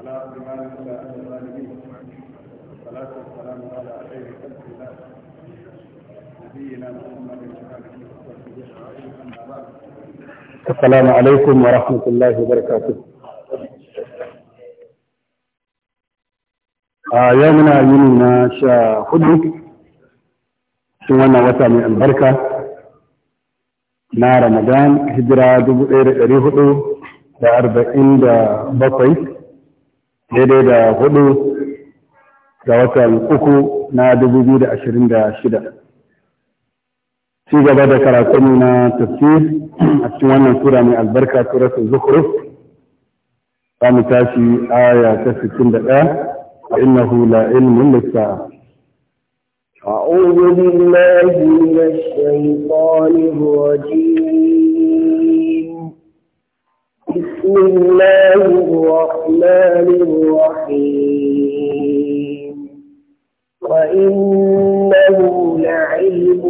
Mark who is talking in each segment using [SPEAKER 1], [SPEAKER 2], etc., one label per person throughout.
[SPEAKER 1] ولا الا الغالبين والصلاه والسلام على خير خلق الله نبينا محمد السلام عليكم ورحمه الله وبركاته أيامنا آه، يومنا muna yini na sha hudu cikin wannan wata mai albarka da arba'in da bakwai daidai da hudu ga watan uku na dubu biyu da ashirin da shida ci gaba da karatunmu na tafsir a cikin wannan sura mai albarka suratul zukhruf za mu tashi aya ta sittin a ɗaya hula لا علم للساعة
[SPEAKER 2] أعوذ بالله من الشيطان الرجيم بسم الله الرحمن الرحيم وإنه لعلم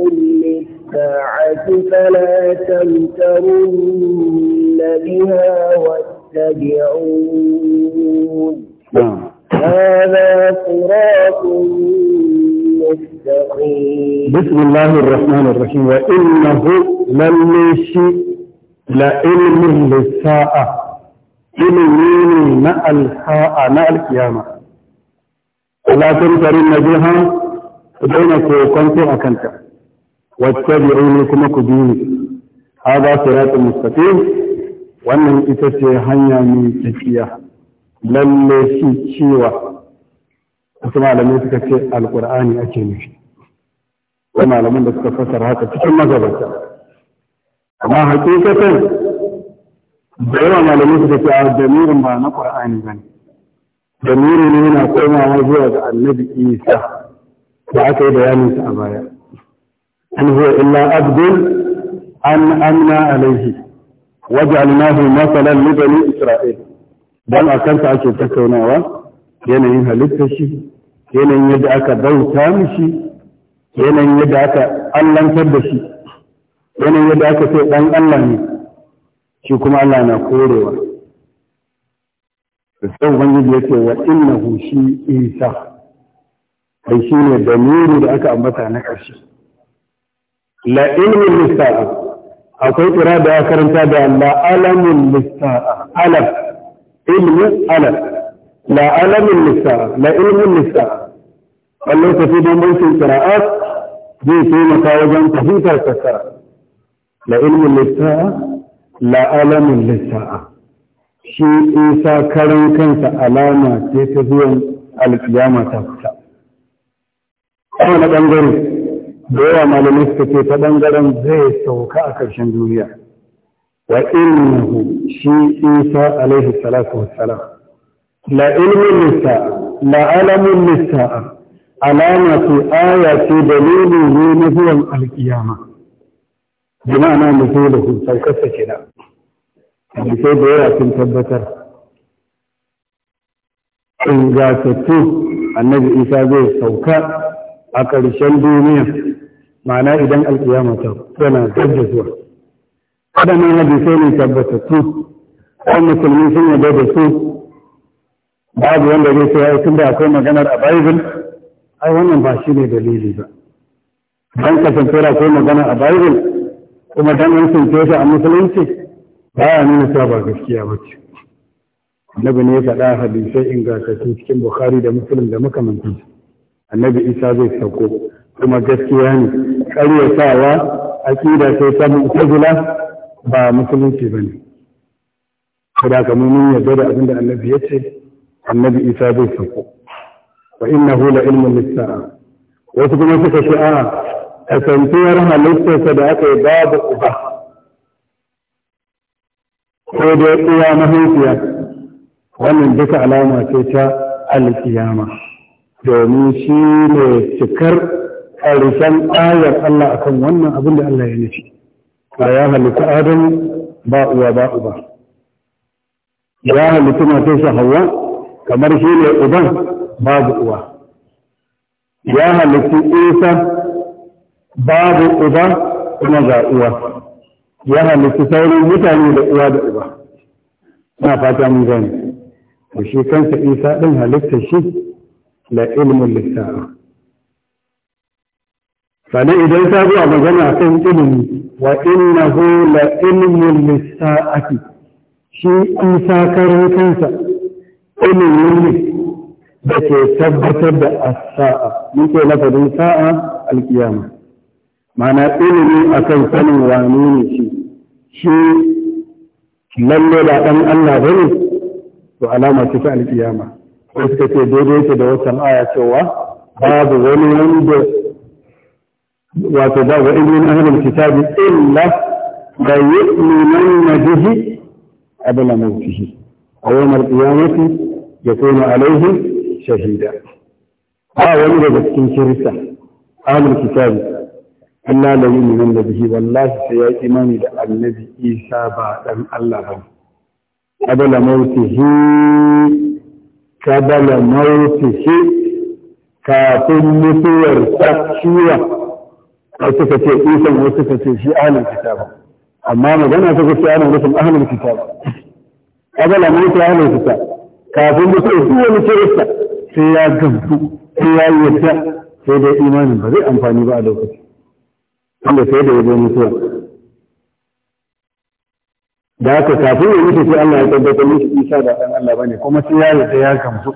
[SPEAKER 2] للساعة فلا تمترن بها واتبعون هذا صراط مستقيم
[SPEAKER 1] بسم الله الرحمن الرحيم وإنه لم يشئ لعلم للساعة ilimi ne na alha'a na alkiyama alatun tarin na jiha ku daina kokonto a kanta wacce ne kuma ku bi
[SPEAKER 2] za su siratun mustafi
[SPEAKER 1] wannan ita ce hanya mai tafiya lalle shi cewa. wasu malamai suka ce alkur'ani ake nufi wani malamin da suka fasara haka cikin mazabarta amma hakikatan
[SPEAKER 2] da yawa malamai suka ce a
[SPEAKER 1] damirin ba na qur'ani bane damiri ne yana komawa zuwa ga annabi isa da aka yi bayaninsa a baya an huwa illa abdul an amna alaihi waj'alnahu masalan li bani isra'il dan akan ta ake tattaunawa yanayin halittar shi yanayin yadda aka bauta mishi yanayin yadda aka allantar da shi yanayin yadda aka ce dan Allah ne shi kuma Allah na korewa da sai ubangiji yake wa innahu shi isa kai shi ne da damiri da aka ambata na ƙarshe la ilmin lissa'a akwai kira da ya karanta da la alamin lissa'a alam ilmi alam la alamin lissa'a la ilmin lissa'a wannan tafi don bankin kira'a zai taimaka wajen fahimtar fassara la ilmin lissa'a la'alamin lissa'a
[SPEAKER 2] shi isa karan
[SPEAKER 1] kansa alama ce ta zuwan alƙiyama ta fita kuma na ɓangare da yawa malamai suka ce ta ɓangaren zai sauka a ƙarshen duniya wa innahu shi isa alaihi salatu wassalam la ilmin lissa'a la alamin lissa'a alama ce aya ce dalilin ne na zuwan alƙiyama jima'ana da ke da saukarsa ke da sai da yawa sun tabbatar tu. annabi isa zai sauka a ƙarshen duniya ma'ana idan alƙiyama ta tana gajja zuwa waɗannan hadisai ne tabbatattu kan musulmi sun yarda da su babu wanda zai sai tun da akwai maganar a bible ai wannan ba shi ne dalili ba dan kasancewa akwai magana a bible kuma dan an sunce shi a musulunci ba ya nuna cewa ba gaskiya ba ce annabi ne ya faɗa hadisai ingantattu cikin bukhari da muslim da makamantan annabi isa zai sauko kuma gaskiya ne ƙaryatawa aƙida sai ta mu'tazila ba musulunci ba ne kada ka mun yarda da abinda da annabi ya ce annabi isa zai sauko wa inna hula ilmin lissa'a. wasu kuma suka ce a'a kasantuwar halittarsa da aka yi babu uba ko dai uwa mahaifiya wannan duka alama ce ta alkiyama domin shi ne cikar ƙarshen ayar Allah akan wannan abin da Allah ya nufi ba ya halitta adam ba uwa ba uba ya halitta matarsa hawa kamar shi ne uban babu uwa ya halitta isa babu uba kuma ga uwa ya halitta sauran mutane da uwa da uba na fata mu gani to shi kansa isa din halitta shi la ilmin lissa'a sannan idan ta zuwa magana kan ilimi wa innahu la ilmin lissa'ati shi isa karin kansa ilimi ne da ke tabbatar da as-sa'a muke lafadin sa'a alkiyama mana ilimi akan sanin wane ne shi shi lalle ba ɗan Allah ba ne to alama ce ta alƙiyama ko suka ce daidai ce da wata aya cewa babu wani wanda wato babu na. ahlul kitabi illa da yu'minanna bihi abla mawtihi a yawmal qiyamati yakunu alaihi shahida ba wani daga cikin kirista ahlul kitabi Allah la yu'minu da bihi wallahi sai ya imani da annabi Isa ba dan Allah ba qabala mautihi qabala shi kafin mutuwar tsakiya
[SPEAKER 2] wasu ka ce isan wasu ka
[SPEAKER 1] ce shi ahlul kitab amma magana ta gaskiya ana nufin ahlul kitab qabala mautihi ahlul kitab kafin mutuwar
[SPEAKER 2] kowane kirista
[SPEAKER 1] sai ya gamsu sai ya yi yarda sai dai imanin ba zai amfani ba a lokacin wanda sai da ya mutuwa da aka kafin ya mutu sai Allah ya tabbatar mishi Isa ba dan Allah bane kuma sai ya yarda ya gamsu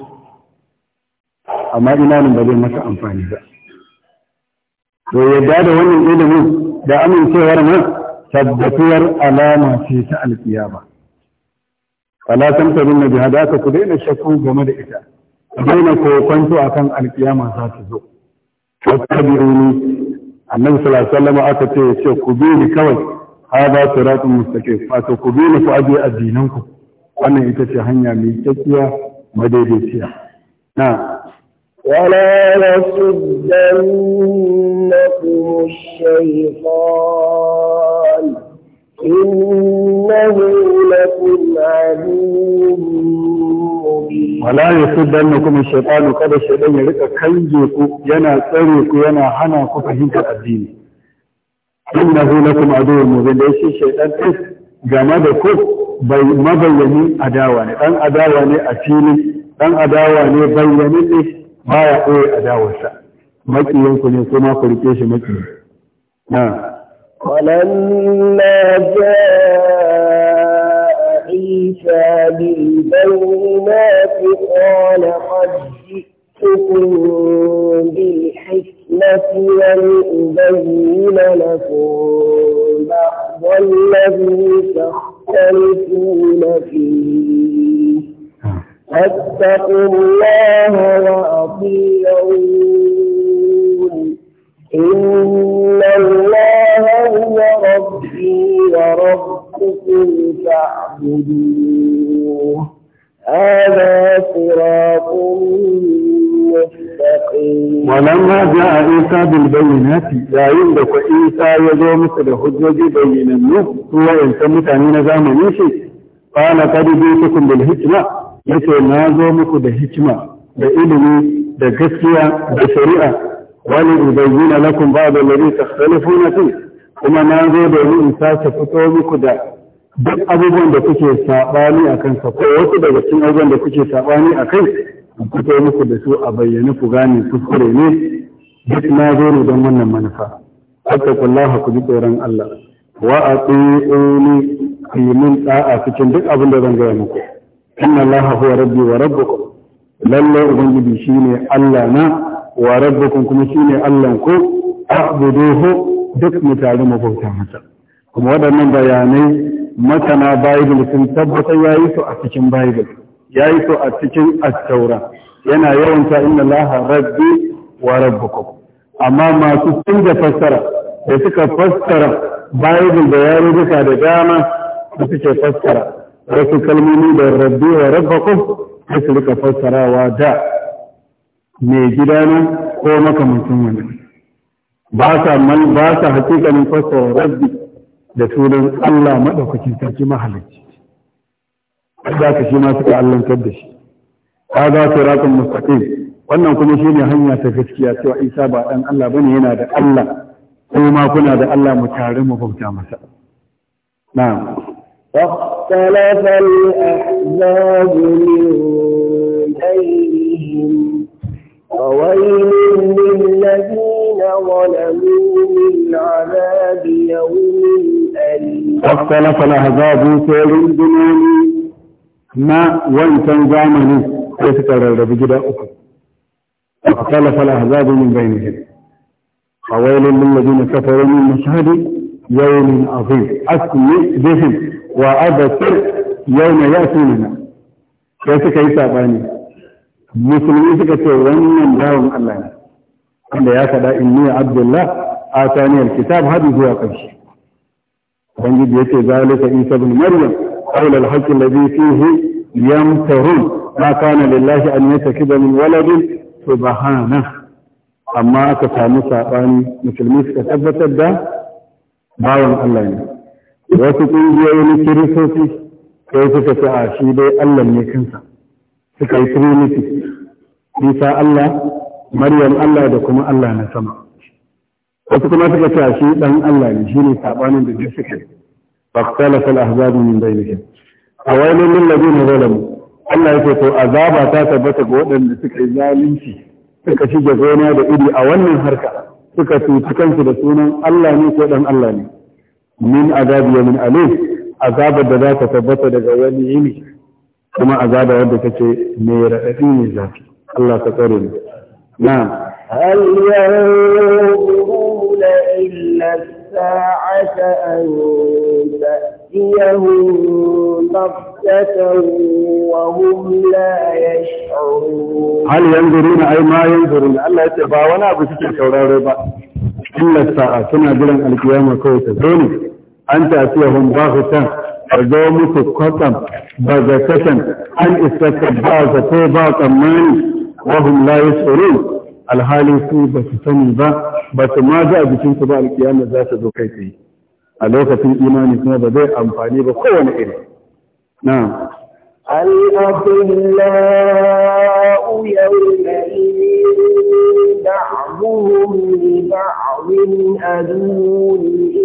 [SPEAKER 1] amma imanin ba zai masa amfani ba to yadda da wannan ilimin da amincewar nan tabbatuwar alama ce ta alkiyama fala tamtarin na da aka ku daina shakku game da ita daina kokonto akan alkiyama za ta zo ne. annabi sallallahu alaihi aka ce ya ce ku bi ni kawai hada siratun mustaqim wato ku bi ni ku aje addinan ku wannan ita ce hanya mai tsakiya madaidaiciya na
[SPEAKER 2] ولا يصدنكم الشيطان إنه لكم عدو wala
[SPEAKER 1] ya su danna kuma shaitanu kada shaitan ya rika kange ku yana tsare ku yana hana ku fahimtar addini innahu lakum aduwwun mubin da shi shaitan ɗin game da ku bai mabayyani adawa ne dan adawa ne a fili ɗan adawa ne bayyani
[SPEAKER 2] ne baya ɓoye adawarsa
[SPEAKER 1] makiyin ku ne kuma ku rike shi makiyi na
[SPEAKER 2] ولما isa biyu. قال قد جئتكم بالحكمة ولأبين لكم بعض الذي تختلفون فيه آه. فاتقوا الله وأطيعوا
[SPEAKER 1] ya zo musu da hujjoji bayyanannu su wayancan mutane na zamani shi qala bi ji'tukum bil hikma yace na zo muku da hikima da ilimi da gaskiya da shari'a wani ubayyana lakum ba'da alladhi takhtalifuna fi kuma na zo da ni in sace fito muku da duk abubuwan da kuke sabani akan sa ko wasu daga cikin abubuwan da kuke sabani akan fito muku da su a bayyane ku gane kuskure ne duk na zo ne don wannan manufa attaqullaha ku ji tsoron Allah wa ati'uni ku yi min da'a cikin duk abin da zan gaya muku inna laha huwa rabbi wa rabbukum lalle ubangiji shine Allah na wa rabbukum kuma shine Allah ku a'buduhu duk mutane mu mata kuma waɗannan bayanai masana Bible sun tabbatar yayi su a cikin Bible yayi su a cikin at-Taura yana yawan ta inna rabbi wa rabbukum amma masu da fassara da suka fassara bible da yare duka da dama da suke fassara wasu kalmomi da rabbi wa ku? da su rika fassarawa da mai gida ne ko makamancin wani? ba sa man ba sa hakikanin fassara rabbi da sunan Allah madaukakin sarki mahalicci da ka shi ma suka allantar da shi هذا صراط mustaqim wannan kuma shine hanya ta gaskiya cewa isa ba dan Allah bane yana da Allah
[SPEAKER 2] kuma kuna da
[SPEAKER 1] Allah mu tare mu bauta masa na'am
[SPEAKER 2] فاختلف الأحزاب من بينهم فويل للذين ظلموا من عذاب يوم أليم فاختلف الأحزاب
[SPEAKER 1] ما يسكر جدا فاختلف الاحزاب من بينهم فويل للذين كفروا من مشهد يوم عظيم اسمع بهم وابصر يوم ياتي لنا كيف كيف تعباني مسلمين سكت ومن داون الله عند يا سدا اني عبد الله اتاني الكتاب هذه هو قبش ونجد يتي ذلك عيسى بن مريم قول الحق الذي فيه يمترون ما كان لله ان يتكب من ولد subhana amma aka samu saɓani musulmi suka tabbatar da bawan Allah ne wasu ƙungiyoyin kiristoci sai suka ce a shi dai Allah ne kansa suka yi trinity bisa Allah Maryam Allah da kuma Allah na sama wasu kuma suka ce a shi ɗan Allah ne shi ne saɓanin da duk suka yi فاختلف الأحزاب من بينهم أويل للذين ظلموا Allah yake to azaba ta tabbata ga waɗanda suka yi zalunci suka shige gona da iri a wannan harka suka cuci kansu da sunan Allah ne ko dan Allah ne min azabi ya min alim azabar da za ta tabbata daga wani yini kuma azaba wadda take mai raɗaɗi ne zafi Allah ka tsare mu na'am
[SPEAKER 2] هل ينظرون إلا الساعة أن تأتيهم بغتة وهم لا يشعرون هل ينظرون أي ما
[SPEAKER 1] ينظرون ألا يتبع ولا بسيطة شورا ربا إلا الساعة سنة جلن القيامة كويسة دوني أنت أتيهم باغتا فزومك قطم بغتة أن باغتا فتوبة طماني وهم لا يشعرون alhalin في ba su sani ba ba su ma za a jikinsu ba alkiyama za ta zo kai tsaye a lokacin
[SPEAKER 2] نعم الأطلاء يومئذ بعضهم لبعض أدون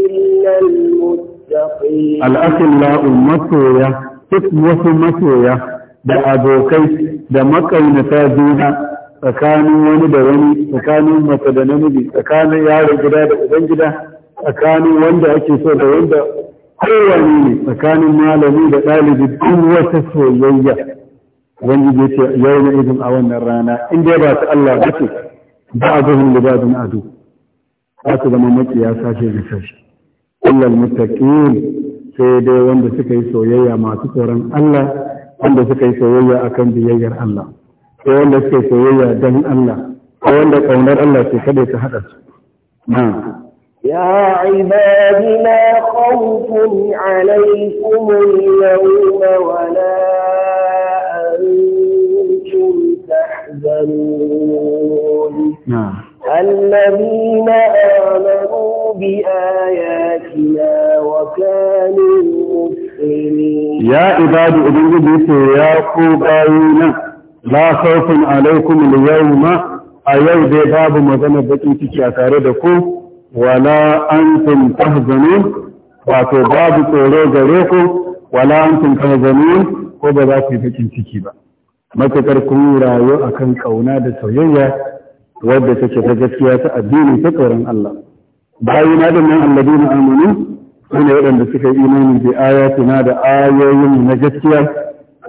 [SPEAKER 2] إلا المتقين الأطلاء مسوية تسمس مسوية da abokai da makaunata
[SPEAKER 1] juna tsakanin wani da wani tsakanin mace da namiji tsakanin yaro gida da uban gida tsakanin wanda ake so da wanda kowane ne tsakanin malami da ɗalibi duk wata soyayya wani ya ce yau na idin a wannan rana in dai ba su Allah ba ce ba a zuhun da babin ado za su zama makiya sashe da sashe illal muttaqin sai dai wanda suka yi soyayya masu tsoron Allah wanda suka yi soyayya akan biyayyar Allah sai wanda suka yi soyayya don Allah sai wanda ƙaunar Allah ke kada ta haɗa su na'am
[SPEAKER 2] يا عباد لا خوف عليكم اليوم ولا أنتم تحزنون الذين آمنوا بآياتنا وكانوا مسلمين يا عباد أبنجد يا قبائنا
[SPEAKER 1] لا خوف عليكم اليوم a yau dai babu magana bakin ciki a tare da ku wala antum tahzanun wato babu tsoro gare ku wala antum tahzanun ko ba za ku yi bakin ciki ba matakar kun rayu akan ƙauna da soyayya wadda take ta gaskiya ta addini ta tsoron Allah bayi na da nan alladina amanu sune waɗanda suka yi imani bi ayatina da ayoyin na gaskiya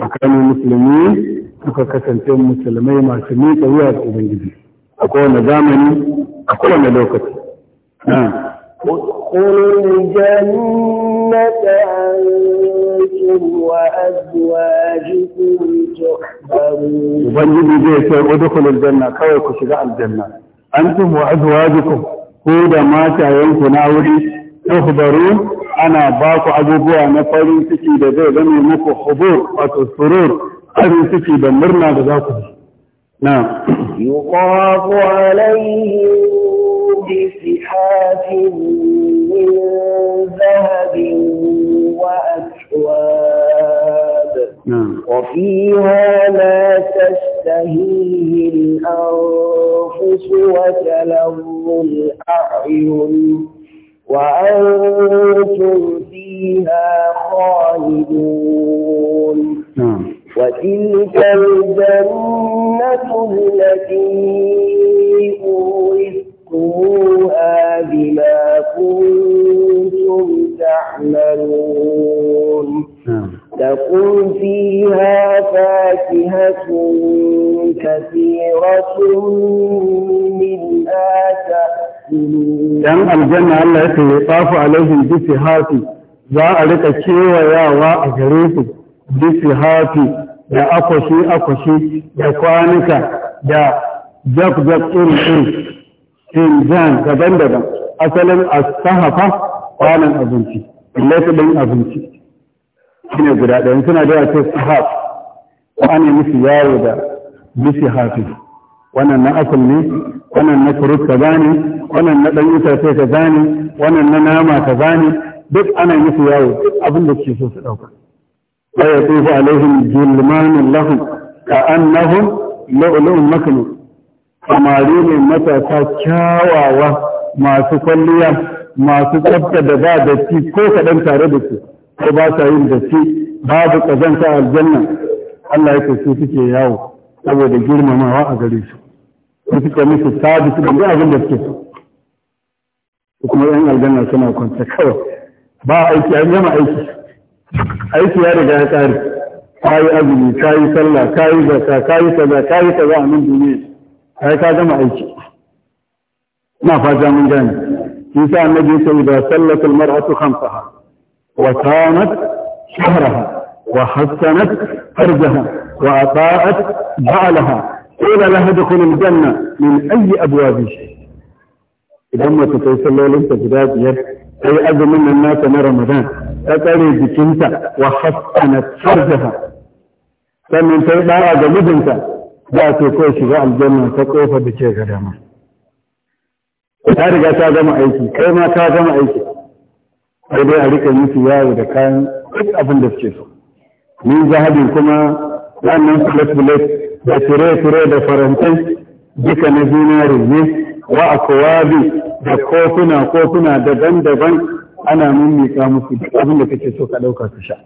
[SPEAKER 1] tsakanin musulmi suka kasance musulmai masu miƙa wuya ga ubangiji a kowane zamani a kowane lokaci
[SPEAKER 2] Kun wani janar da an
[SPEAKER 1] cimma kawai ku shiga aljanna. An cimma azuma yanzu ku da mata yankunan wuɗi, yankunan ana baku abubuwa na farin ciki da zai gami muku horowar, mataforor, abincicci, da murna da za ku
[SPEAKER 2] bi. بسحات من ذهب وأكواب نعم. وفيها ما تشتهيه الأنفس وتلظ الأعين وأنتم فيها خالدون نعم. وتلك الجنة التي أورثت بما كنتم تعملون لكم فيها فاكهة كثيرة منها تأكلون. كان الجنة الله
[SPEAKER 1] يطاف عليهم بصهاتي za a riƙa kewayawa a gare su bisi da akwashi akwashi da kwanuka da jaf jaf irin tinjan daban-daban asalin asahafa kwanan abinci laifin abinci shine guda ɗaya suna da yace sahaf wani musu yawo da musu hafi wannan na asal ne wannan na kurut ka zane wannan na ɗan itace ka zane wannan na nama ka zane duk ana musu yawo duk abin da ke so su ɗauka wa yaqufu alaihim julmanun lahum ka annahum lu'lu'un maknun samari ne matasa kyawawa masu kwalliya masu tsabta da ba da ci ko kaɗan tare da su ko ba sa yin da ci babu ƙazanta aljanna Allah ya su suke yawo saboda girmamawa a gare su su suke musu sabi su da abin da suke so kuma yan aljanna suna kwanta kawai ba aiki an gama aiki aiki ya riga ya ƙare ka yi azumi ka yi sallah ka yi zaka ka yi kaza ka yi kaza a nan duniya kai ka gama aiki na fata mun gane shi sa annabi sai da sallat almar'atu khamsaha wa kanat shahraha wa hasanat farjaha wa ata'at ba'laha qila laha dukhul aljanna min ayi abwabi idan mace kai sallolin ta guda biyar ta azumin nan nata na ramadan ta tsare jikinta wa hasanat farjaha sannan ta yi da'a ga mijinta za ce kawai shiga aljanna ta kofar da ke ga dama ta riga ta gama aiki kai ma ta gama aiki
[SPEAKER 2] sai dai a rika
[SPEAKER 1] musu yawo da kayan duk abin da suke so ni zahabin kuma wannan filet filet da fure-fure da farantai duka na zinari ne wa akwabi da kofuna kofuna daban-daban ana mummika musu duk abin da kake so ka ɗauka su sha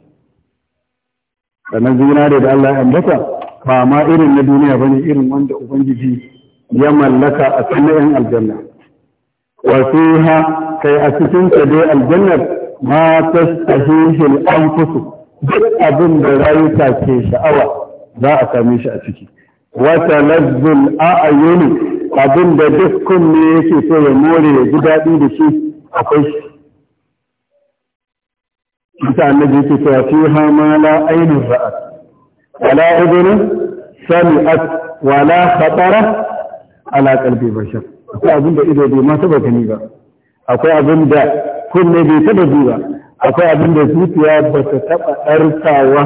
[SPEAKER 1] sannan zinari da Allah ya ambata ba ma irin na duniya bane irin wanda ubangiji ya mallaka a 'yan aljanna wa fiha kai a cikin ta dai aljannar ma tastahihi al-anfus duk abin da rayuka ke sha'awa za a same shi a ciki wata lazzul a'ayuni abin da duk kunne yake so ya more ya ji daɗi da shi akwai shi mutane da yake cewa fi hama ainihin ra'at wala udunu sami'at wala khatara ala qalbi akwai abin da ido bai ma taba gani ba akwai abin da kunne bai taba ji akwai abin da zuciya ba ta taba ɗarkawa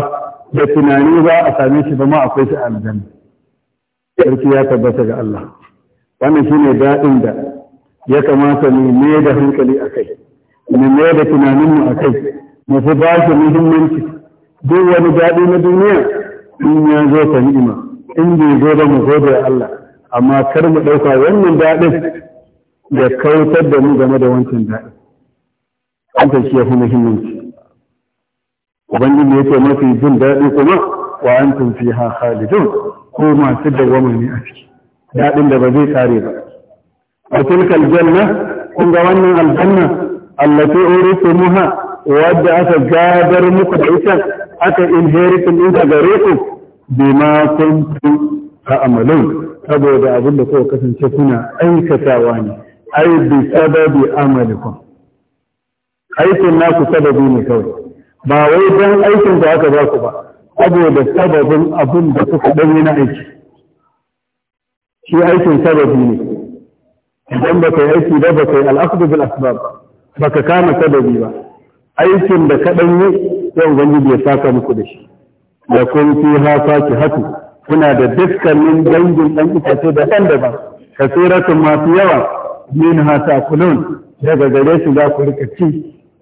[SPEAKER 1] da tunani ba a same shi ba ma akwai shi aljanna sarki ya tabbata ga Allah wannan shine daɗin da ya kamata mu ne da hankali a mu ne da tunaninmu a kai mu fi ba shi muhimmanci duk wani daɗi na duniya in ya zo ka ni'ima in bai zo ba mu gode Allah amma kar mu ɗauka wannan daɗin
[SPEAKER 2] da kautar da mu game
[SPEAKER 1] da wancan daɗin an shi ya fi muhimmanci ubangiji ya ce mafi jin daɗi kuma wa an tun fi ha khalidun ko masu dawwama ne a ciki daɗin da ba zai kare ba a tilkal janna kun ga wannan aljanna allati urithumuha wadda aka gadar muku da ita aka inheritin ɗinka gare ku bima kuntum ta'malun saboda abin da kuka kasance kuna aikatawa ne ai bi sababi amalikum aikin naku sababi ne kawai ba wai dan aikin da aka ba ku ba saboda sababin abin da kuka dan na aiki shi aikin sababi ne
[SPEAKER 2] idan ba kai aiki ba ba
[SPEAKER 1] kai al'aqdu bil asbab ba ka kama sababi ba aikin da kaɗan yi yau ubangiji ya saka muku da shi da kun fi hafa ki haku kuna da dukkanin dangin ɗan itace daban-daban kasiratun masu yawa min hasa kulun daga gare su za ku rika ci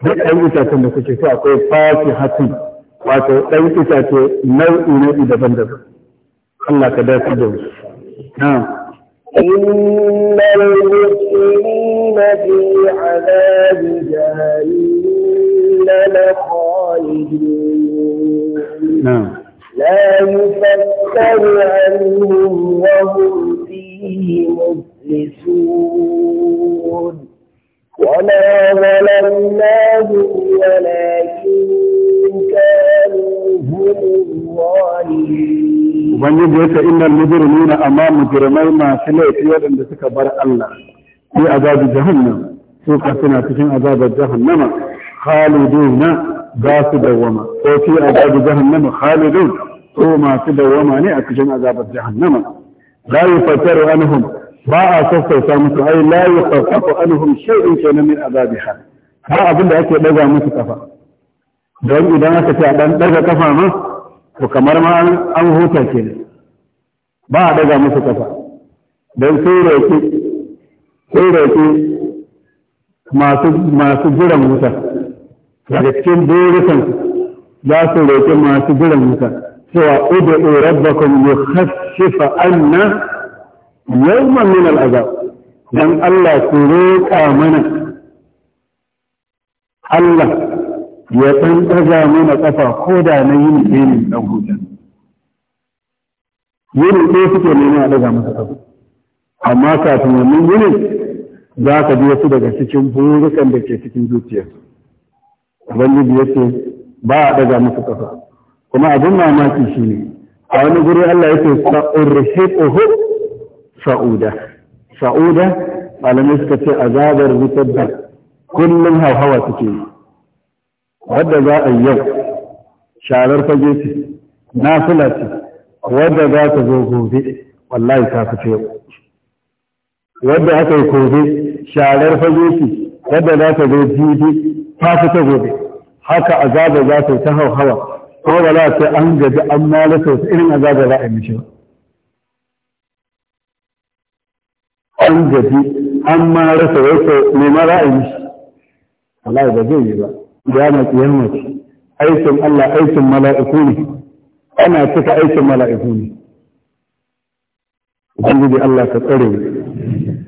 [SPEAKER 1] duk ɗan itacen da kuke so akwai fafi hatun wato ɗan itace nau'i nau'i daban-daban Allah ka dace da wasu.
[SPEAKER 2] إن المسلمين في عذاب جهنم لخالدون نعم لا يفتر عنهم وهم فيه مبلسون وما ظلمناهم ولكن كانوا هم الظالمين
[SPEAKER 1] Ubangiji ya ce innal mujrimina amma mujrimai masu laifi waɗanda suka bar Allah sai azabu jahannam su ka suna cikin azabar jahannama khaliduna za su dawwama ko a azabi jahannama khalidun to masu dawwama ne a cikin azabar jahannama la yufattaru anhum ba a sassauta musu ai la yufaffafu anhum shay'un kenan min azabiha ba abin ake daga musu kafa don idan aka ce a dan daga kafa ma kamar ma an huta ba a musu don masu masu jiran wuta daga cikin burukan za su roƙi masu jiran wuta cewa ud'u rabbakum yukhaffifa anna yawman min al'azab dan Allah ku roƙa mana Allah ya san ɗaga mana ƙafa ko da na yin ɗinin ɗan huta yin ɗaya suke nema a ɗaga masa ƙafa amma kafin wannan yinin za ka ji wasu daga cikin burukan da ke cikin zuciyarsu ubangiji ya ce ba a daga musu kafa kuma abin mamaki shi ne a wani guri Allah ya ce sa'urhiquhu sa'uda sa'uda malamai suka ce azabar wutar da kullum hauhawa suke yi wadda za a yau sharar fage ce nafila ce wadda za ta zo gobe wallahi ta fito yau wadda aka yi gobe sharar fage ce wadda za ta zo jibi ta fita gobe haka azaba za ta ta hauhawa ko ba za ta an gaji an malasa wasu irin azaba za a yi mishi ba an gaji an ma rasa wasu ne ma za a yi mishi Allah ba zai yi ba ya na kiyama ce aikin Allah aikin mala'iku ne ana cika aikin mala'iku ne ubangiji Allah ka tsare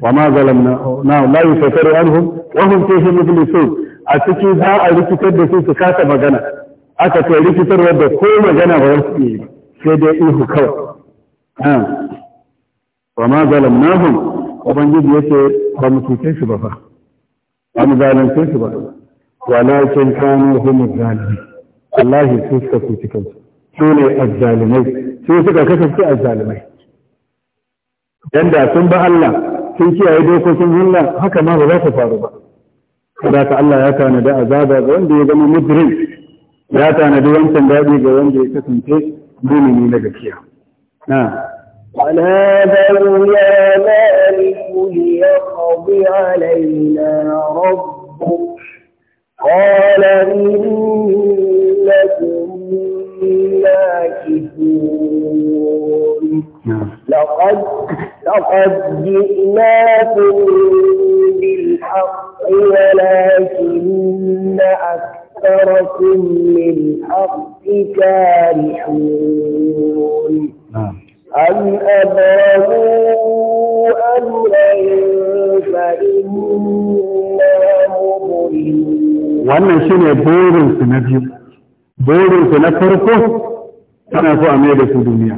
[SPEAKER 1] wa ma zalamna na la yusafaru anhum wa hum fihi mublisun a ciki za a rikitar da su su kasa magana aka ce rikitarwar da ko magana ba wasu yi sai dai ihu kawai ba ma hun ubangiji ce ba mu cuce shi ba fa ba mu zalunce shi ba walakin kano hun zalimi wallahi su suka cuci kansu su ne azzalimai su suka kasance azzalimai dan da sun ba Allah sun kiyaye dokokin Allah haka ma ba za ta faru ba saboda Allah ya tanada azaba ga wanda ya zama mujrim
[SPEAKER 2] ya tanadi wancan daɗi
[SPEAKER 1] ga wanda ya kasance mumini na gaskiya na
[SPEAKER 2] ونادوا يا مالك ليقض علينا ربك قال إنكم ماكثون لقد لقد جئناكم بالحق ولكن أكثركم للحق أرض كارحون نعم. أن أبرموا أمرا فإنا مبرمون وأن الشيء
[SPEAKER 1] يبور السنبي بور السنفرقه
[SPEAKER 2] أنا أفو أمير في
[SPEAKER 1] الدنيا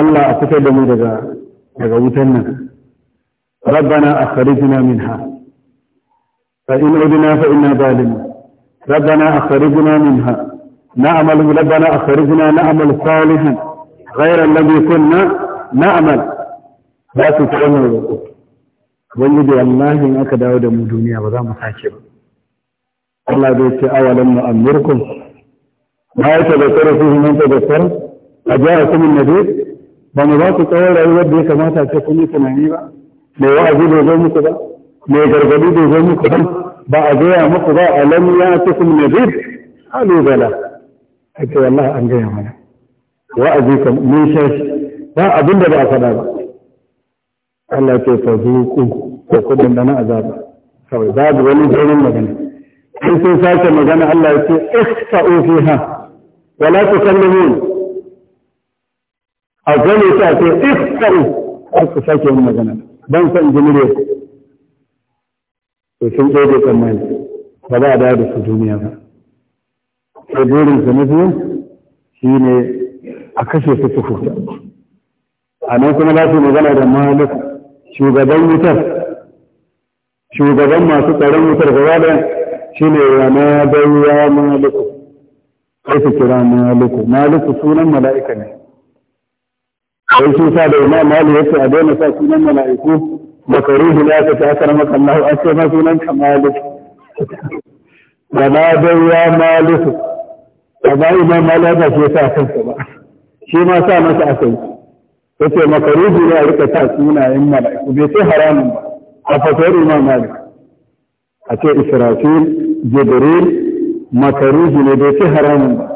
[SPEAKER 1] الله أكتب من ربنا أخرجنا منها فإن عدنا فإنا ظالمون ربنا أخرجنا منها نعمل ربنا أخرجنا نعمل صالحا غير الذي كنا نعمل لا تتعلم الوقوف ubangiji wallahi in aka dawo da mu duniya ba za mu sake ba Allah zai ce awalan mu amirkum ma ya tabbata su da tabbata a ja'a kuma nabi ba mu ba ku tsawon rayuwar da ya kamata ce kun yi tunani ba mai wa'azi bai zo muku ba mai gargadi da zo muku ban ba a gaya muku ba a lam ya ta kun ne zai bala ake wallahi an gaya mana wa'azi kan mun shashi ba abin da ba a faɗa ba Allah ce ta zuku ko kudin da na azaba kawai babu wani jirin magana sai sun sake magana Allah ya ce ikhta'u fiha wala tukallimun a gane ta ce ikhtau har ku sake yin magana ban san jimire to sun ɗaya tsammani ba za a dawo da su duniya ba sai burin su na shi ne a kashe su su furta a nan kuma za su magana da malik shugaban wutar shugaban masu tsaron wutar gaba da shi ne wa na dawowa maliku sai su kira maliku maliku sunan mala'ika ne sai su sa da imam malik yake a daina sa sunan mala'iku makaruhu ya ka ta kar maka Allah an ce ma sunan ka malik da na dai ya malik amma imam malik ba shi sa kansa ba shi ma sa masa akai yace makaruhu ne a rika sa sunayen mala'iku bai ce haramun ba a fasar imam malik a ce israfil jibril makaruhu ne bai ce haramun ba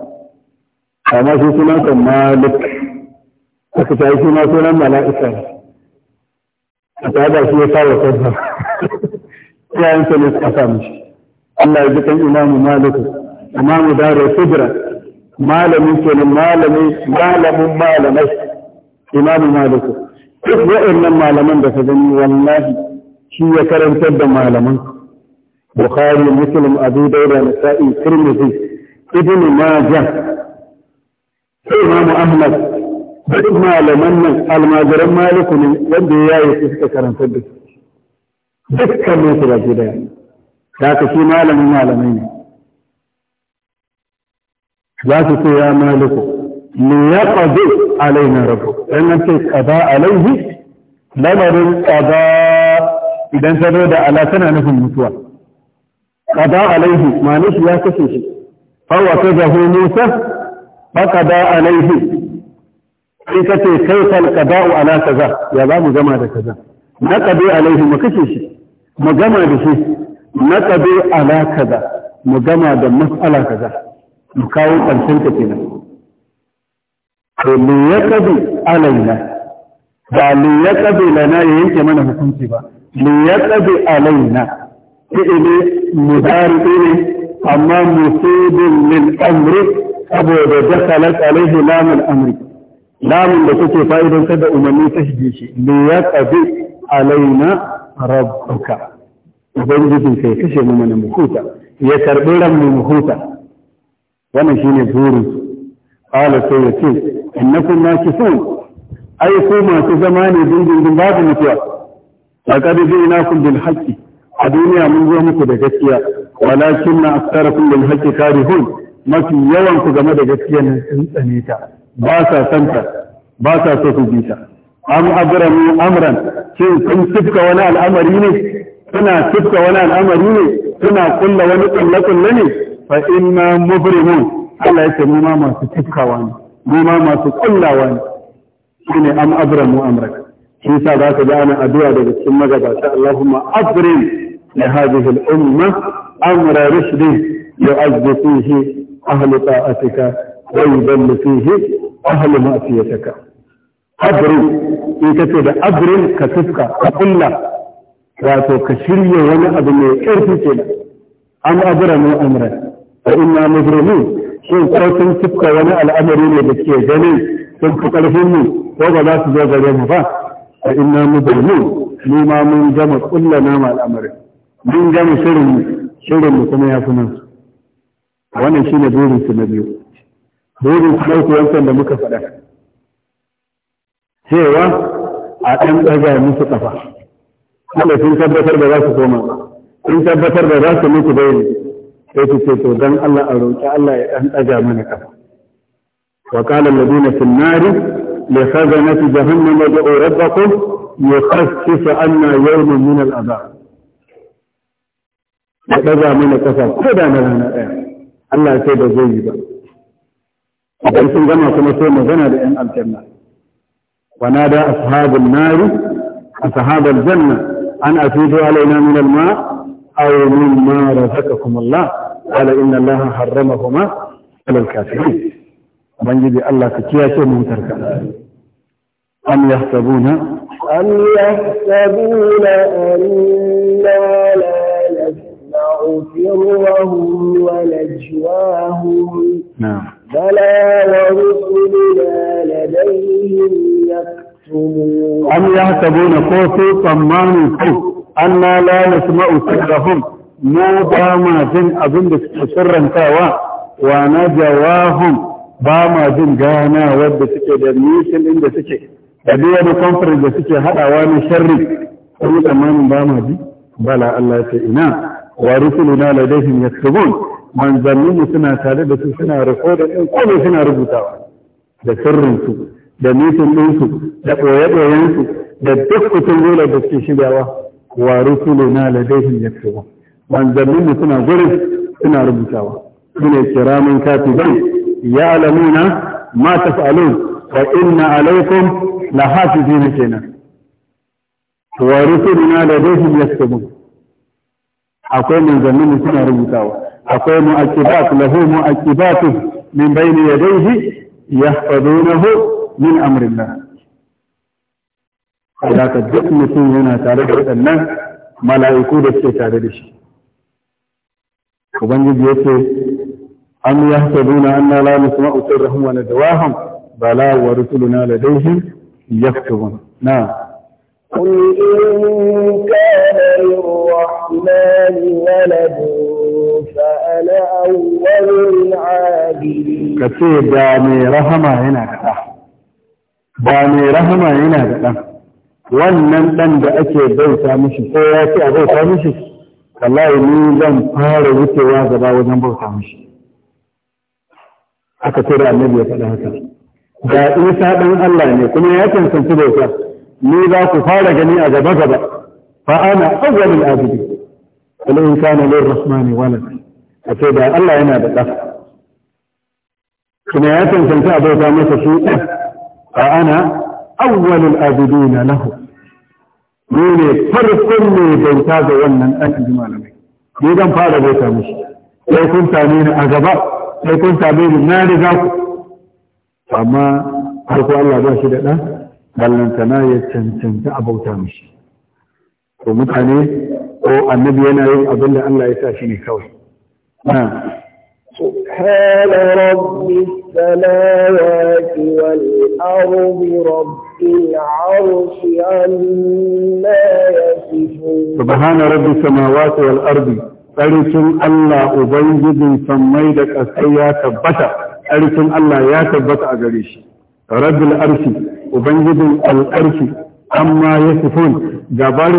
[SPEAKER 1] amma shi sunan ka malik aka ta yi suna sunan mala'ika ne
[SPEAKER 2] a tsada shi ya kawo kansa
[SPEAKER 1] iyayen sa ne suka sa mishi Allah ya ji kan imamu maliku imamu dare sidra malamin kenan malamin malamin malamai imamu maliku duk wa'annan malaman da ka gani wallahi shi ya karantar da malaman Bukhari Muslim Abu Dawud Nasa'i Tirmidhi Ibn Majah
[SPEAKER 2] Imam Ahmad
[SPEAKER 1] duk malaman nan almajiran maliku ne wanda ya yaye su suka karanta duk dukkan ne su baki daya da ka shi malamin malamai ne za su ce ya maliku li ya qadi alaina rabbu dan an ce qada alaihi lamarin qada idan ta da ala tana nufin mutuwa qada alaihi ma'ana shi ya kashe shi fa wa kaza hu musa fa qada alaihi
[SPEAKER 2] sai ka ce kai fal qada'u ala kaza ya
[SPEAKER 1] za mu gama da kaza na qadi alaihi mu kace shi mu gama da shi na qadi ala kaza mu gama da mas'ala kaza mu kawo karshen ta kenan to me ya qadi alaina ba me ya qadi lana ya yanke mana hukunci ba me ya qadi alaina fi'ili mudari ne amma musibin min amri saboda dakalat alaihi lamul amri lamun da kuke fa’idan da umarni ta shige shi ya yaqdi alaina rabbuka ubangijin kai kashe mu mana muhuta, ya karbi ran mu muhuta, wannan shine burin qala sai ya ce innakum nakifun ai ku masu zama ne dindindin babu mutuwa na kun bil haqqi a duniya mun zo muku da gaskiya walakin na aktarakum bil haqqi karihun mafi yawan ku game da gaskiya na sun ta ba sa santa ba sa so su bita am abramu amran shin sun sifka wani al'amari ne suna sifka wani al'amari ne suna kulla wani kulle kulle ne fa inna mubrimun Allah ya ce mu ma masu sifkawa ne mu ma masu kullawa ne shine am abramu amran shi sa za ka ga ana addu'a daga cikin magabata Allahumma abrim li hadhihi al-umma amra rushdin yu'azzu fihi ahlu ta'atika ويذل فيه أهل معصيتك أبر إن كتب أبر كتبك أقول wato ka shirya wani abu mai ƙarfi ke an abura mu amra fa inna mujrimun shin ko sun tufka wani al'amari ne da ke gani sun ƙarfin mu ko ba za su zo gare mu ba fa inna mujrimun mu ma mun gama nama mun gama shirin mu shirin mu kuma ya fi nan wannan shine burin na biyu burin kuma ku wancan da muka faɗa cewa a ɗan ɗaga musu ƙafa
[SPEAKER 2] kuma sun tabbatar da za su koma sun tabbatar da za su mutu
[SPEAKER 1] bayani sai su ce to dan Allah a roƙi Allah ya ɗan ɗaga mana ƙafa wa qala alladhina fi an-nar li khazanati jahannama da'u rabbakum yukhaffif anna yawman min al-'adab ya ɗaga mana ƙafa ko da na rana ɗaya Allah sai da zai yi ba idan sun gama kuma sai magana da ‘yan aljanna wana da ashabin nari ashabar janna an asito alaina min alma aw da ma razaqakum Allah qala inna Allah harramahuma ala al-kafirin ubangiji Allah ka kiyaye mu tarka am yahsabuna
[SPEAKER 2] am yahsabuna anna la nasma'u sirrahum wa najwahum na'am فلا ورسلنا لديهم يكتبون أم يحسبون كوفي صماني كوف أنا لا نسمع سرهم
[SPEAKER 1] mu ba ma jin abin da suke sirrantawa wa na jawahun ba ma jin ganawar suke da nishin inda suke da biya da da suke hadawa na sharri a yi tsammanin ba bala Allah ta ina wa rusulu na ladahin ya manzanninmu suna tare da su suna rikodin ɗin kome suna rubutawa da sirrinsu da nufin ɗinsu da ɓoye-ɓoyensu da duk kutun zola da suke shigawa wa rusulu na ladaihin ya fi manzannin manzanninmu suna gurin suna rubutawa suna kiramin kafi bai ya alamuna ma taf'alun wa inna alaikum la hafizina kenan wa rusuluna ladaihin yaktubun akwai manzanninmu suna rubutawa akwai mu'akibat lahu mu'akibatu min bayni yadayhi yahfazunahu min amrillah da ka duk mutum yana tare da waɗannan mala'iku da suke tare da shi ubangiji ya ce an yahsabuna anna la nasma'u sirrahum wa nadawahum bala wa rusuluna ladayhim yaktubun na
[SPEAKER 2] قل إن كان للرحمن ولد فأنا أول العابدين
[SPEAKER 1] كثير دامي رحمة هنا كتا wannan ɗan da ake bauta mishi ko ya ce a bauta mishi wallahi ni zan fara wucewa gaba wajen bauta mishi aka ce da annabi ya faɗa haka da isa ɗan Allah ne kuma ya cancanci bauta ni za ku fara gani a gaba gaba fa ana awwalul abidin wani in kana lir rahmani walad a ce da Allah yana da ɗa kuma ya cancanta a bauta masa shi ɗan a ana awwalul abidina lahu ni ne farkon ne bauta ga wannan ɗan inji malamai ni zan fara bauta mishi sai kun same ni a gaba sai kun same ni ku amma Allah ba da ɗan ballantana ya cancanta a bauta mishi mutane ko annabi yana yin abin da Allah ya sa shi ne kawai
[SPEAKER 2] سبحان رب السماوات والأرض رب العرش عما يصفون سبحان رب السماوات والأرض
[SPEAKER 1] أرسل الله أبيض سميدك أسيا تبتا أرسل الله يا تبتا أجريش رب الأرش أبيض الأرش عما يصفون جبار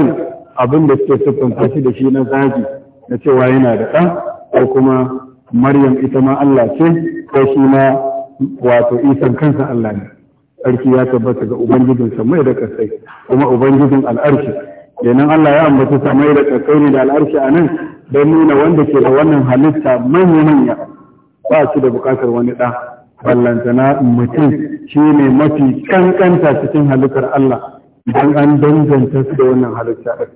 [SPEAKER 1] abin da suke siffanta shi da shi na zagi na cewa yana da ɗan, ko kuma maryam ita ma Allah ce ko shi ma wato isan kansa Allah ne sarki ya tabbata ga ubangijin samai da kasai kuma ubangijin al'arshi kenan Allah ya ambaci samai da kasai ne da al'arshi a nan don nuna wanda ke da wannan halitta manya-manya ba shi da bukatar wani ɗa ballantana mutum shi ne mafi kankanta cikin halittar Allah idan an danganta su da wannan halitta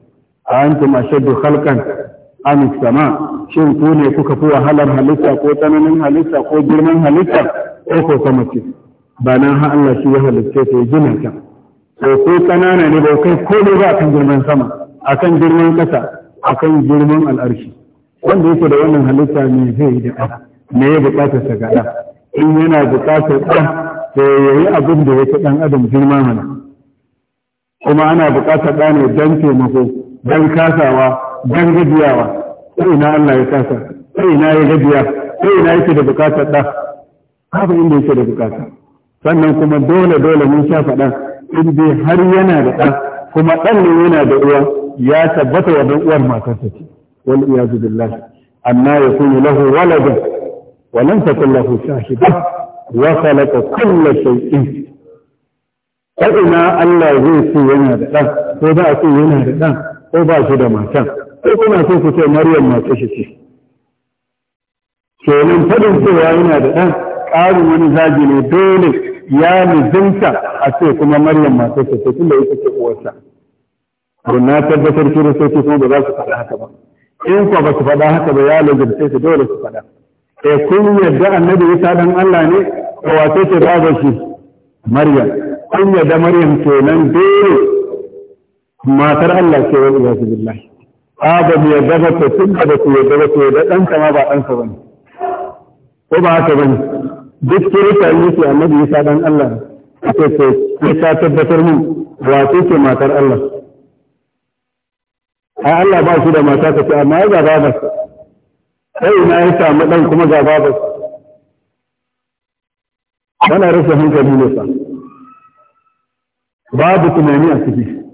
[SPEAKER 1] أنتم أشد خلقا am السماء shin ku ne kuka fi wahalar halitta ko tsananin halitta ko girman halitta ko ko sama شيء ba في Allah shi ya halitta ta gina ta to ko kanana ne ba kai ko girman sama girman kasa akan girman al'arshi wanda yake da wannan halitta ne zai yi ya bukata ta in yana bukatar ɗa to yayi abin da yake dan adam girman hana kuma ana bukatar ɗa ne taimako dan kasawa dan gajiyawa sai ina Allah ya kasa sai ina ya gajiya sai ina yake da bukatar da babu inda yake da bukata sannan kuma dole dole mun sha faɗa in dai har yana da ɗa kuma ɗan ne yana da uwa ya tabbata wannan uwar matarsa ce wal iyazu billah anna yakunu lahu walada wa lam takun lahu shahida wa khalaqa kulla shay'in ta ina Allah zai ce yana da ɗan ko ba a ce yana da ɗan ko ba su da matan ko kuna so ku ce maryam mace shi ce kenan fadin cewa yana da ɗan ƙarin wani zagi ne dole ya nizinta a ce kuma maryam mace shi ce tunda ita ce uwarsa
[SPEAKER 2] don na tabbatar kiristoci kuma ba za su
[SPEAKER 1] faɗa haka ba in kuwa ba su faɗa haka ba ya lajirce su dole su faɗa e kun yadda annabi ya dan Allah ne ko e, wace ce babu shi maryam kun yadda maryam kenan dole matar Allah ce wani ya zubi billahi adam ya gaba ta tun da ba su ya gaba ta da ɗanka ma ba ɗansa ba ne ko ba haka ba ne duk kirista yi ce annabi isa dan Allah a ce ya ta tabbatar min wato ce matar Allah a Allah ba su da mata ka ce amma ya gaba ba sai na ya samu ɗan kuma gaba ba Bana rasa hankali ne sa babu tunani a ciki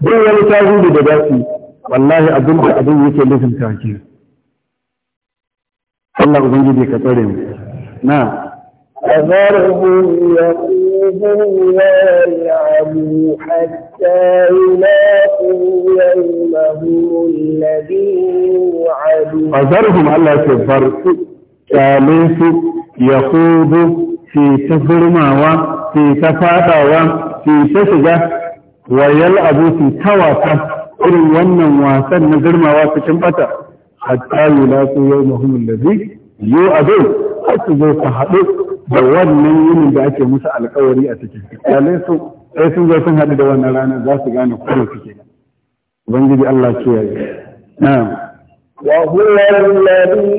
[SPEAKER 1] duk wani tarihi da dafi wallahi abin da abin yake nufin kake Allah Ubangiji ka tsare mu na
[SPEAKER 2] أمره يقوم ويلعب حتى يلاقوا يومه الذي يوعد أمرهم على ta كاليس يقود
[SPEAKER 1] في سفر في تفاقى في تسجة wa yal'abu fi tawasa irin wannan wasan na girmawa cikin bata hatta yulaqu yawmahum alladhi yu'adu har su zo su haɗu da wannan yinin da ake musu alƙawari a cikin kalai su sai sun zo sun hadu da wannan rana za su gane kuma suke ubangiji Allah kiyaye na'am
[SPEAKER 2] وهو الذي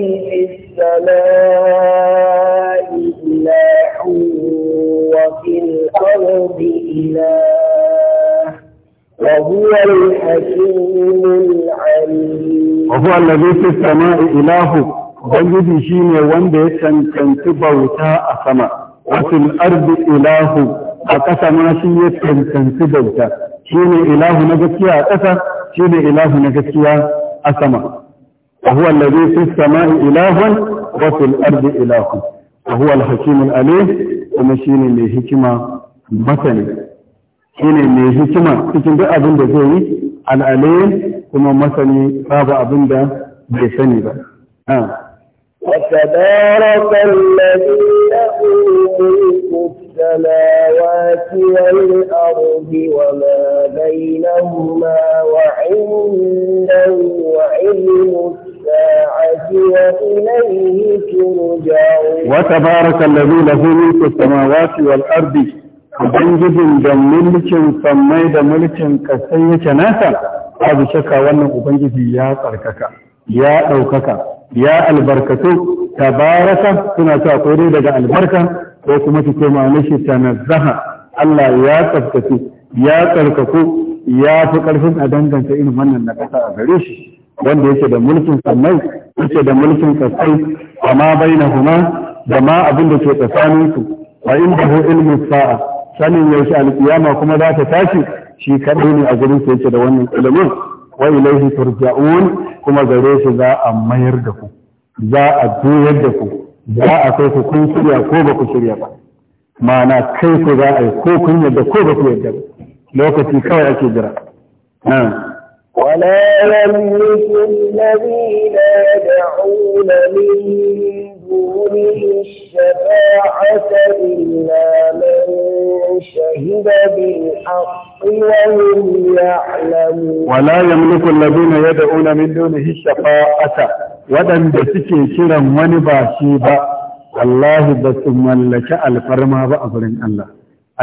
[SPEAKER 2] وهو الحكيم العليم وهو الذي
[SPEAKER 1] في السماء إله ubangiji shi ne wanda ya cancanci bauta a sama wasil ardi ilahu a ƙasa ma shi ya cancanci bauta shi ne ilahu na gaskiya a ƙasa shi ne ilahu na gaskiya a sama a huwa lalazi fi sama'i ilahun wasil ardi ilahu a huwa alhakimin ale kuma shi ne mai hikima masani
[SPEAKER 2] shine mai hikima cikin duk abin da zai yi al'alayin
[SPEAKER 1] kuma masani babu abin da bai sani ba
[SPEAKER 2] وتبارك الذي له ملك السماوات والأرض وما بينهما وعنده علم الساعة وإليه ترجعون وتبارك الذي له ملك
[SPEAKER 1] السماوات والأرض ubangijin da mulkin sammai da mulkin kasai yake nasa abu shakka wannan ubangiji ya tsarkaka ya ɗaukaka ya albarkatu tabaraka suna cewa ko dai daga albarka ko kuma su koma ta tanazzaha Allah ya tsarkaki, ya tsarkaku ya fi ƙarfin a danganta irin wannan na ƙasa a gare shi wanda yake da mulkin sammai yake da mulkin kasai amma bai huma, da ma abin da ke tsakaninsu wa inda hu ilmin sa'a sanin yaushe alkiyama kuma za ta tashi shi kaɗai ne a gurin sa yake da wannan ilimin wa ilaihi turja'un kuma gare shi za a mayar da ku za a juyar da ku za a kai ku kun shirya ko ba ku shirya ba ma'ana kai ku za a yi ko kun yadda ko ba ku yadda lokaci kawai ake jira
[SPEAKER 2] ولا يملك الذين يدعون من دونه الشفاعة إلا من شهد بالحق وهم يعلمون ولا يملك الذين يدعون
[SPEAKER 1] من دونه الشفاعة ودن بسكي شرا ونباشيبا والله بس ملك الفرما بأفرين الله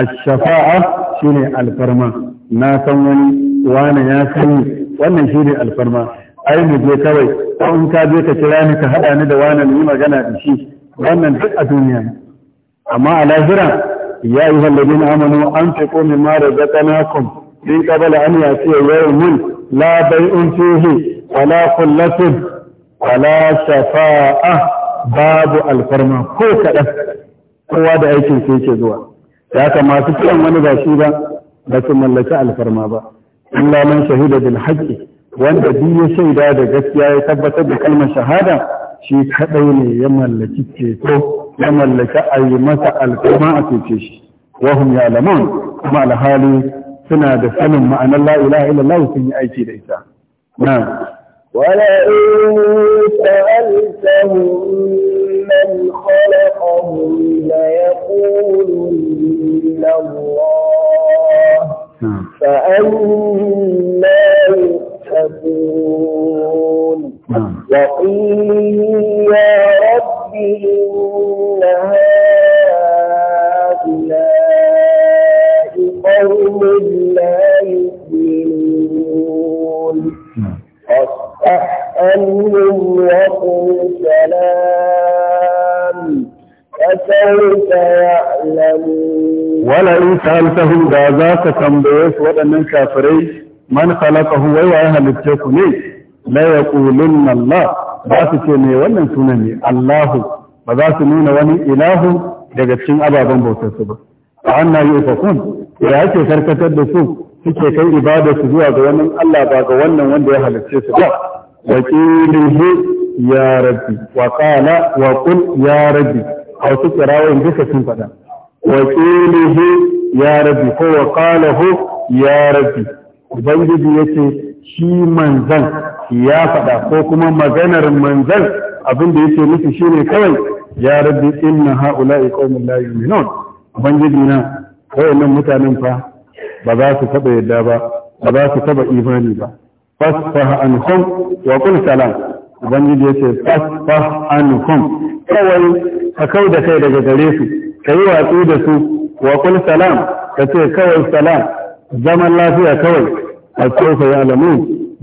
[SPEAKER 1] الشفاعة شنو الفرما ناسا وني وانا يا سيد wannan ne alfarma ai mu je kawai ko in ka je ka kira ni ka haɗa ni da wani yi magana da shi wannan duk a duniya amma a lahira ya yi na amanu an fi komi mara zakanakum in kabala an ya ce yau min la bai'un fihi wala kullatun wala shafa'a babu alfarma ko kaɗan kowa da aikin sai ke zuwa ya kama su kiran wani ba shi ba ba su mallaki alfarma ba illa man shahida bil haqqi wanda duk ya shaida da gaskiya ya tabbatar da kalmar shahada shi kadai ne ya mallaki ceto ya mallaki a yi masa alkama a cece shi wahum ya kuma alhali suna da sanin ma'anar la ilaha illallah sun yi aiki da ita
[SPEAKER 2] na ولئن سألتهم من خلقهم ليقولن الله نعم. فأنا يؤفكون نعم. وقيل يا رب إن هؤلاء قوم لا يؤمنون نعم. فاصفح عنهم وقل سلام فسوف يعلمون
[SPEAKER 1] ولئن da za ka su waɗannan kafirai man khalaqahu wa ya halitta ku ne la yaqulunna Allah ba su ce me wannan sunan ne Allahu ba za su nuna wani ilahu daga cikin ababen bautar su ba fa anna yufakun ya ake karkatar da su suke kai ibada su zuwa ga wannan Allah ba ga wannan wanda ya halicce su ba wa qilihi ya rabbi wa qala ya rabbi a wasu kirawoyin duka sun faɗa wa qilihi ya rabbi ko wa qalahu ya rabbi ubangiji yace shi manzan ya faɗa ko kuma maganar manzan abin da yake nufi shine kawai ya rabbi inna haula'i qaumun la yu'minun ubangiji na wayannan mutanen fa ba za su taɓa yadda ba ba za su taɓa imani ba fasfah anhum wa qul salam ubangiji yace fasfah anhum kawai ka kau da kai daga gare su ka yi watsi da su wa kul salam ka ce kawai salam zaman lafiya kawai a tsofa ya alamu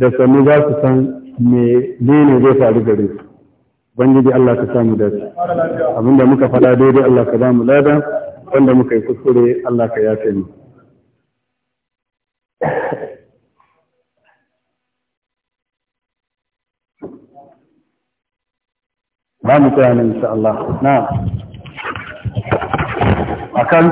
[SPEAKER 1] da sannu za su san me ne zai faru gare su bangiji Allah ka samu su abinda muka faɗa daidai Allah ka damu ladan wanda muka yi kuskure Allah ka yafe mu ba mu tsaye nan insha Allah na akan